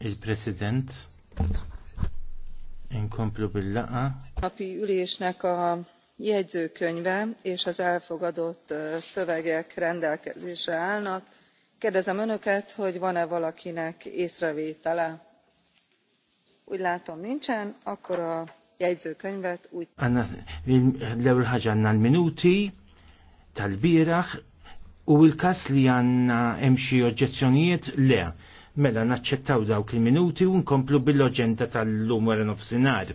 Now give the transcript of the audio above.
Il-President, inkomplu bil-laqa. Napi ülésnek a jegyzőkönyve és az elfogadott szövegek rendelkezésre állnak. Kérdezem önöket, hogy van-e valakinek észrevétele? Úgy látom nincsen, akkor a jegyzőkönyvet úgy. Anna, leul ewel minúti, għanna l-minuti tal-biraħ u l-kas li għanna emxie oġġezzjonijiet le. Mela naċċettaw dawk il-minuti u nkomplu bil loġenda tal-lum wara nofsinhar.